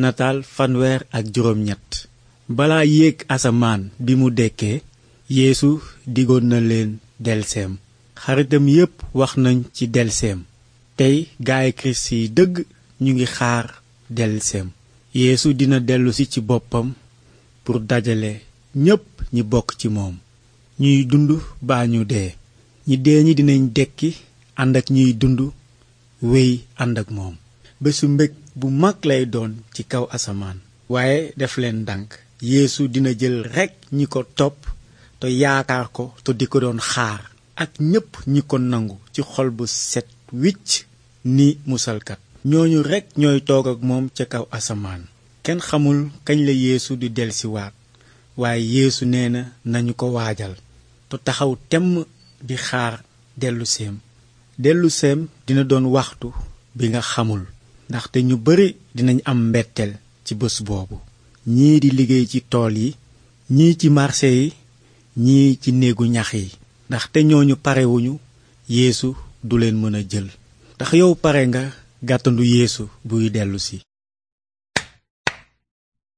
nataal fanweer ak juróom-ñett balaa yéeg asamaan bi mu dekkee yéesu digoon na leen delseem xaritam yépp wax nañ ci delseem tey gaay kirist yi dëgg ñu ngi xaar delseem yéesu dina dellusi ci boppam pour dajale ñépp ñi bokk ci moom ñuy dund baa ñu dee ñi dee ñi dinañ dekki ànd ak ñuy dund wéy ànd ak moom bésu mbég bu mag lay doon ci kaw asamaan waaye def leen ndànk yéesu dina jël rekk ñi ko topp te yaakaar ko te di ko doon xaar ak ñépp ñi ko nangu ci xol bu set wicc ni musalkat ñooñu rekk ñooy toog ak moom ca kaw asamaan kenn xamul kañ la yeesu di delsiwaat waaye yéesu nee na nañu ko waajal te taxaw temm di xaar delluseem delluseem dina doon waxtu bi nga xamul ndaxte ñu bare dinañ am mbetteel ci bés boobu ñii di liggéey ci tool yi ñii ci marché yi ñii ci néegu ñax yi ndaxte ñooñu parewuñu yéesu du leen mën a jël ndax yow pare nga gàttandu yéesu buy dellusi